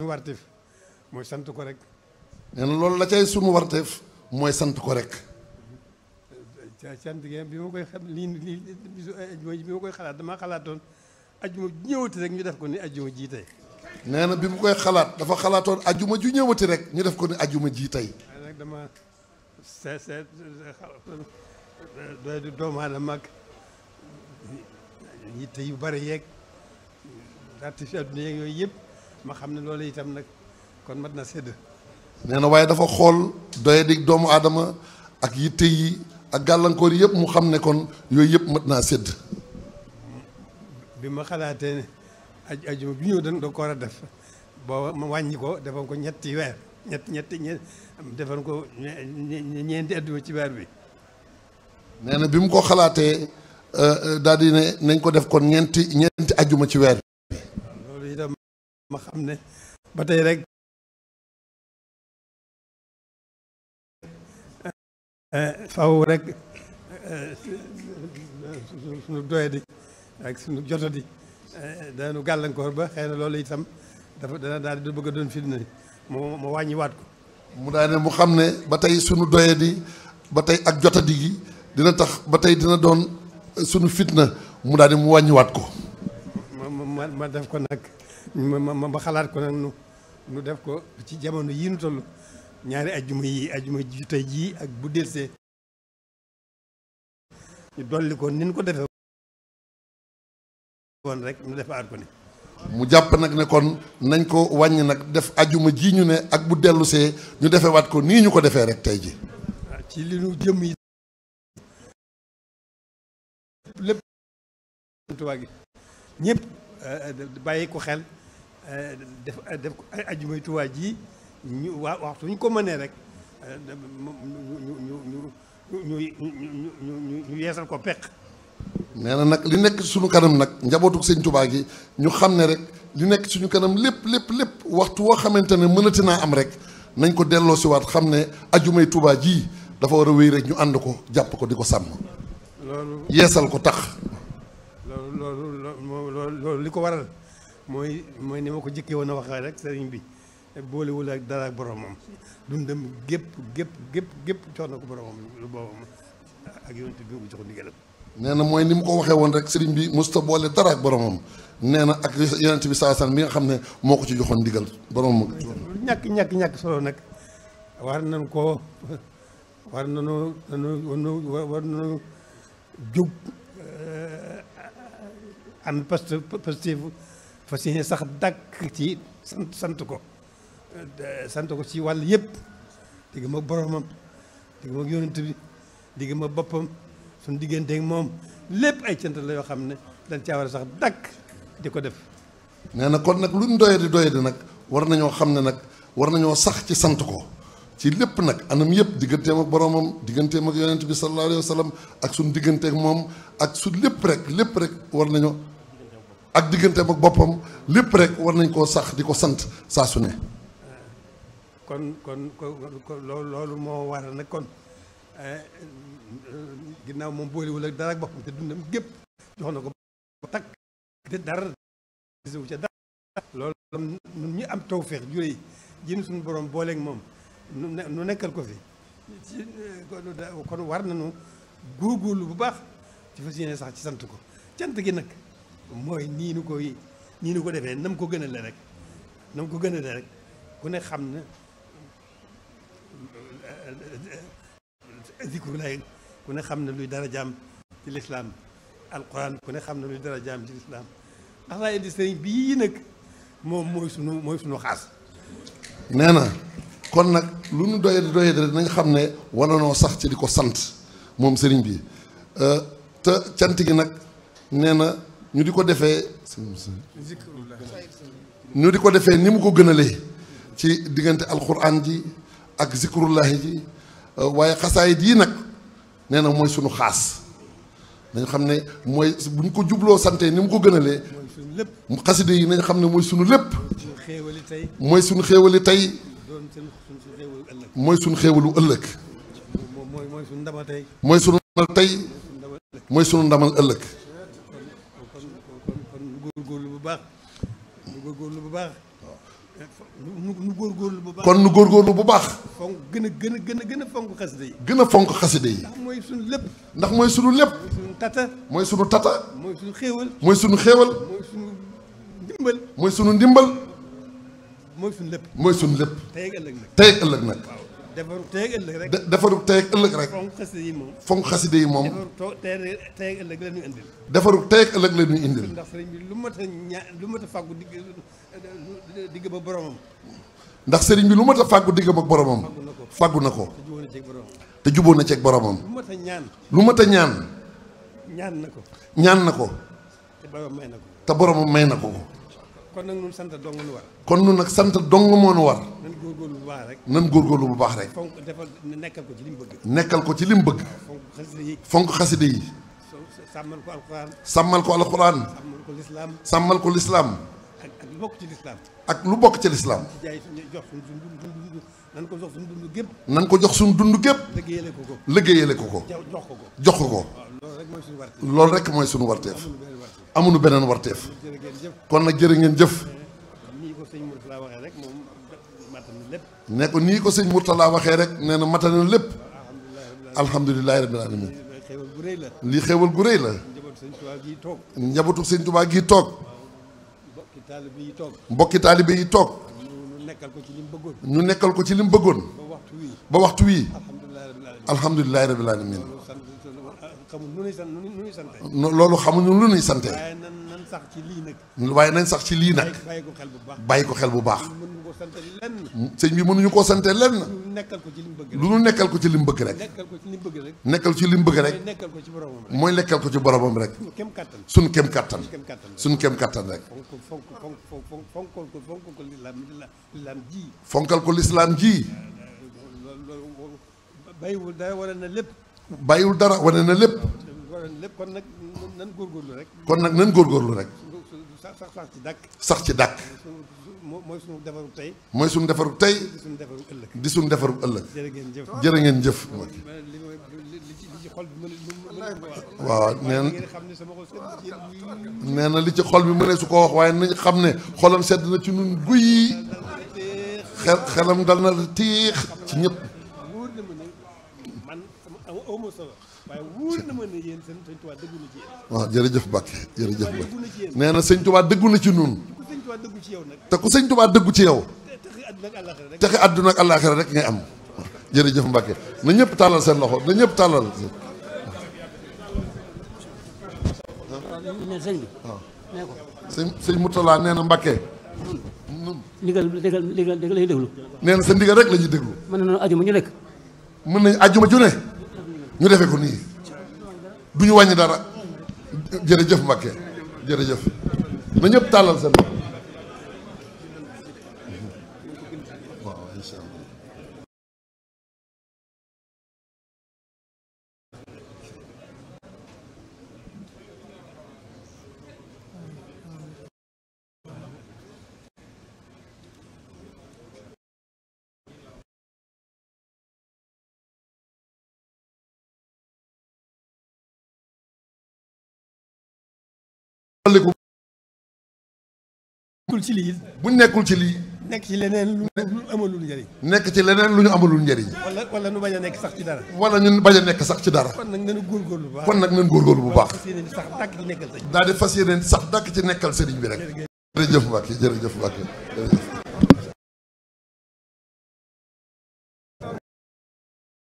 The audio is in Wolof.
sunu sant ko rek. nee loolu la cay sunu warteef mooy sant ko rek. sant gi bi ma koy xam lii lii eh, koy xalaat damaa xalaatoon ajjuma ju ñëwati rek ñu def ko ni ajjuma jii tey. nee na bi mu koy xalaat dafa xalaatoon ajjuma ju ñëwati rek ñu def ko ni ajuma jii tey. waaye nag dama se se doy du doomu aadama ak yitte yu bari yeeg artifice adduna yooyu yëpp. ma xam ne loolu itam nag kon mat na sedd nee na waaye dafa xool doye doomu aadama ak yitte yi ak gàllankoor yëpp mu xam ne kon yooyu yëpp mat naa sédd bi ma xalaatee ne aj ajuma bi ñëw dañ ko war a def boo ma wàññi ko defal ko ñetti weer ñetti ñetti ko ñeenti ci weer bi nee na bi ko xalaatee euh, euh, daal di ne nañ ko def kon ñeenti ñeenti ajjuma ci weer ma xam ne ba tey rek faw rek suñu doyadi ak suñu jotadi dañu gàllankoor ba xëy na loolu itam dafa dana daal di bëgg a doon fitna moo moo wàññiwaat ko mu daal mu xam ne ba tey suñu doyadi ba tey ak jotadi gi dina tax ba tey dina doon sunu fitna mu daal mu wàññiwaat ko ma ma ma def ko nag ma ma xalaat ko nag nu nu def ko ci jamono yii nu toll ñaari ajjuma yi ajjuma ju tey jii ak bu delsee ñu dolli ko nin ko defee rek nu defaat ko ni mu jàpp nag ne nañ ko wàññi nag def ajjuma ji ñu ne ak bu dellusee ñu defewaat ko nii ñu ko defee rek tey ji ah, ci li nu jëm yi lépp eh, eh, bàyyi ko xel def def ajjumay Tuubaa ji ñu waa waxtu ñu ko mënee rek euh, ñu ñu ñu ñu ñu yeesal ko peq. nee na nag li nekk suñu kanam nag njabootuk sëñ Tuubaa gi ñu xam ne rek li nekk suñu kanam lépp lépp lépp waxtu woo xamante ne mënati naa am rek nañ ko delloo si waat xam ne ajjumay Tuubaa ji dafa war a wéy rek ñu ànd ko jàpp ko di ko sàmm. loolu yeesal ko tax. loolu loolu loolu li ko waral. mooy mooy ni ma ko jëkkee woon a waxee rek sëriñ bi boolewul ak dara ak boromam dundam gépp gépp gépp gépp jox na ko boromam lu boobam ak yonent bi ko jox ndigalam nee na mooy ni mu ko waxee woon rek sëriñ bi musta boole dara ak boromam nee na ak yonent bi saa san bi nga xam ne moo ko ci joxoon ndigal boromam ñàkk ñàkk ñàkk solo nag war nañ koo war nañu nañu war nañu jóg eh, am fas ne sax dàkk ci sant sant ko sant ko ci wàll yëpp digg ma boromam digg ma yonent bi digg ma boppam suñu digganteeg moom lépp ay cant la yoo xam ne dañ caa war a sax dàkk di ko def. nee na kon nag lu luñ doyadi doyadi nag war nañoo xam ne nag war nañoo sax ci sant ko. ci lépp nag anam yëpp digganteem ak boromam digganteem ak yonent bi sallallahu alayhi wa sallam ak suñu digganteek moom ak su lépp rek lépp rek war nañoo ak diggante ak boppam lépp rek war nañ koo sax di ko sant saa su ne. kon kon kon loolu moo waral nag kon eh, ginnaaw moom boolewul ak dara ak boppam te dundam gépp jox na ko takk te dara gisewu ca dara loolu ñun ñu am tawféex jure yi jëm suñu boroom booleek moom nu nekkal ko fi kon war nañu góorgóorlu bu baax ci fas yéene sax ci sant ko cant gi nag mooy nii nu koy nii nu ko defee nam ko gën a le rek nam ko gën a le rek ku ne xam na zikru ku ne xam na luy dara jaam ci lislaam alquran ku ne xam na luy dara jaam ci lislaam ndax laa indi sëriñ bii nag moom mooy sunu mooy xaas nee na kon nag lu nu doyadi doyadi rek na nga xam ne wala noo sax ci di ko sant moom sëriñ bi euh, te cant gi nag nee na ñu di ko defee ñu di ko defee ni mu ko gënalee ci diggante alquran ji ak zikrullahi ji euh, waaye xasaayit yii nag nee na mooy sunu xaas nañ xam ne mooy bu ñu ko jubloo sante ni mu ko gënalee xaside yi nañ xam ne mooy sunu lépp mooy sunu xéewali tey mooy sunu xéewalu ëllëg mooy sunu ndamal tey mooy sunu ndamal ëllëg góorgóorlu bu baax nu góorgóorlu bu baax. nu góorgóorlu bu baax. kon nu góorgóorlu bu baax. fonk gën a gën a gën a gën a fonk xasida yi. gën a fonk xasida yi. mooy sunu lépp. ndax mooy sunu lépp. mooy sunu mooy sunu tata. mooy sunu xéewal. mooy suñu xéewal. mooy suñu ndimbal. mooy sunu ndimbal. mooy sunu lépp. mooy suñu lépp. tey ak ëllëg ëllëg nag. defaru teeg ëllëg rek. defaru teeg ëllëg rek. fonk xaside yi moom. fonk xaside yi moom. defaru teeg ëllëg la ñuy indil. defaru teeg ëllëg la ñuy indil. ndax sëriñ bi lu mat a ña lu mat a fàggu digg digg ba boromam. ndax sëriñ bi lu mat a fàggu digg ba boromam. fàggu na ko te jubóo na ceeg boromam. lu mat a ñaan. lu mat a ñaan. ñaan na ko. ñaan na ko. te boromam na ko. te boromam may na ko. kon nag ñun sant dong nu war. kon ñun nag sant dong moo nu war. nan góorgóorlu bu rek. nan góorgóorlu bu baax rek. fonk defal nekkal ko ci li mu bëgg. nekkal ko ci li mu bëgg. fonk xaside yi. fonk xaside yi. sàmmal ko alxuraan. sàmmal ko alxuraan. sàmmal ko lislaam. sàmmal ko lislaam. bokk ci lislaam ak lu bokk ci lislaam nan ko jox suñu dund gépp nan ko jox suñu dund gépp liggéeyale ko ko liggéeyale ko ko jox ko ko jox ko ko loolu rek mooy suñu warteef amuñu beneen warteef kon nag jër ngeen jëf ne ko nii ko sëñ Mourtala waxee rek nee na matal na lépp alhamdulilahi rabbil alamin lii xéewal gu rëy la gi njabootu sëñ Tubaa gii toog taalibe yi toog. mbokki taalibe yi toog. ñu nekkal ko ci li mu bëggoon. ñu nekkal ko ci li mu bëggoon. ba waxtu wii. ba waxtu wii. alhamdulilah rabil aalamiin. loolu xamuñu lu nuy sante. waaye nañ sax ci lii waaye nañ sax ci lii nag. bàyyi ko xel bu baax. sëñ bi mënuñu koo sante lenn. lu nu nekkal ko ci lim bëgg rek. lu nu nekkal ko ci lim bëgg rek. nekkal ko ci lim rek. nekkal ci lim bëgg rek. mooy nekkal ko ci boromam rek. mooy nekkal ko ci boromam rek. suñu kem kattan. suñu kem kattan. suñu kem kattan rek. fonkal ko fonkal ko lislaam ji. fonkal ko lislaam ji. bàyyiwul dara wane na lépp. bàyyiwul dara wane na lépp. kon nag nan góorgóorlu rek. kon nag nan góorgóorlu rek. sax ci dàkk. mooy suñu defaru tey. mooy suñu defaru tey. di suñu defaru ëllëg. di suñu defaru ëllëg. jërë ngeen jëf jërë ngeen jëf. waaw nee na nee na li ci xol bi mënee su ko wax waaye nañ xam ne xolam sedd na ci nun guy xel xelam dal na tiix ci ñëpp. waa wóor na ma ne yéen seen sëñ Tuubaa dëggu na ci yéen. waaw jërëjëf Mbacke jërëjëf Mbacke na sëñ Tuubaa na ci ñun. te ku sëñ Tuubaa dëggu ci yow nag. te ku sëñ Tuubaa dëggu ci yow. texe àdduna ak àllaaxira rek ngay am jërëjëf Mbacke na ñëpp tàllal seen loxo na ñëpp tàllal. ne sëñ bi. waaw ne ko. sëñ sëñ Moutala nee na Mbacke. ndigal ndigal ndigal lay déglu. nee na sa rek la ñuy déglu. mën nañu ajuma ñu nekk. mën nañu ajuma ju ne. ñu defee ko nii du ñu wàññi dara jërëjëf Mbacke jërëjëf na ñëpp tàllal seen waaw nekkul ci lii. bu nekkul ci lii. nekk ci leneen lu ñu amalul njëriñ. nekk ci leneen lu ñu amalul njariñ wala wala ñu bañ nekk sax ci dara. wala ñun bañ a nekk sax ci dara. kon nag nañu góorgóorlu bu baax kon nag nañu góorgóorlu bu baax. daal di fas yéeneen sax dàkk ci nekkal sëriñ bi rek. jërëjëf Mbacke jërëjëf Mbacke jërëjëf.